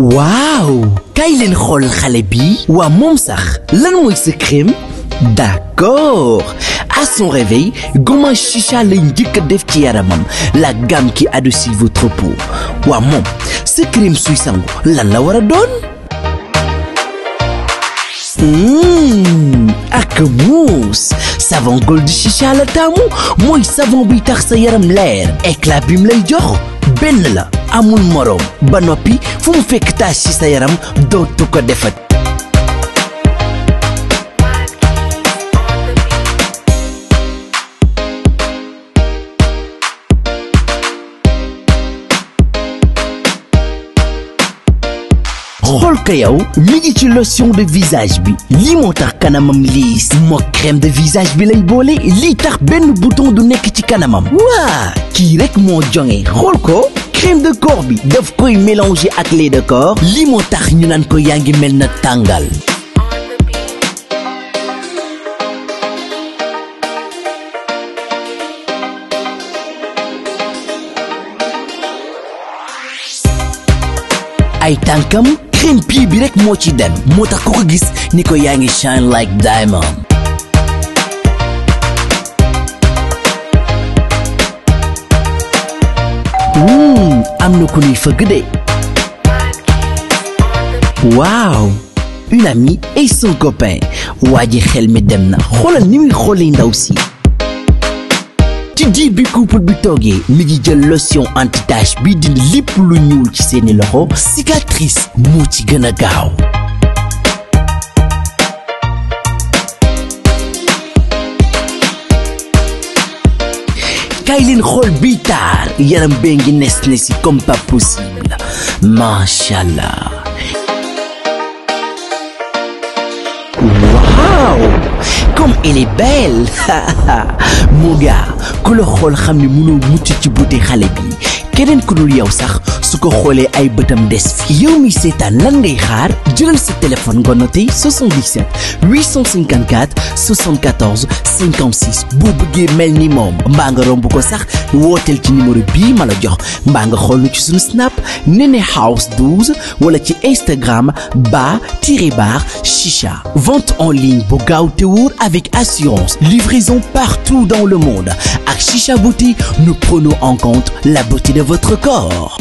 waaw kay leen xool xale bi waa moom sax lan mooy secret d'accord à son réveil gommage chicha lay njëkk a def ci yaramam la gam qui adoucit votre peau waa moom secret suy sangu lan la war a doon mmh, ak muus savon gold chicha la taamu mooy savon buy sa yaram leer éclat bi mu lay jox benn la amul moroom ba noppi fu mu fekk tache ci sa yaram dootu ko defat xool ko yow mi ngi ci lotion de visage bi lii moo tax kanamam liis moo crème de visage bi lay boole lii tax benn bouton du nekk ci kanamam waa kii rek moo joŋe xool ko crème de corps bi daf koy mélanger ak lait de corps lii moo tax ñu naan ko yaa ngi mel na tàngal. ay tànkam crème pii bi rek moo ci dem moo tax ku ko gis ni ko yaa ngi shine like diamond. Mmh. am na ku ñuy fëgg de waaw une amie et son copain waa ji xel mi dem na xoolal ni muy xoolee ndaw si ci diir bi couple bi toogee mi ngi jël lotion anti tache bi dindi lépp lu ñuul ci seeni loxo cicatrice moo ci gën a gaaw kaay leen xool bii taar yaram bee ngi nes ne si comme pas possible macha allah. comme elle est belle moo gaa ku la xool xam ne mënoo mucc ci beauté xale bi keneen ku dul yow sax su ko xoolee ay bëtam des fi yow mi seetaan lan ngay xaar jëlal sa téléphone nga noté 77 854 74 56 boo bëggee mel ni moom mbaa nga romb ko sax wooteel ci numéro bii ma la jox mbaa nga xool nu ci suñu snap Néné House 12 wala ci Instagram ba tiré bar chicha vente en ligne bu gaaw te wóor avec assurance livraison partout dans le monde ak chicha beauté nous prenons en compte la beauté de votre corps.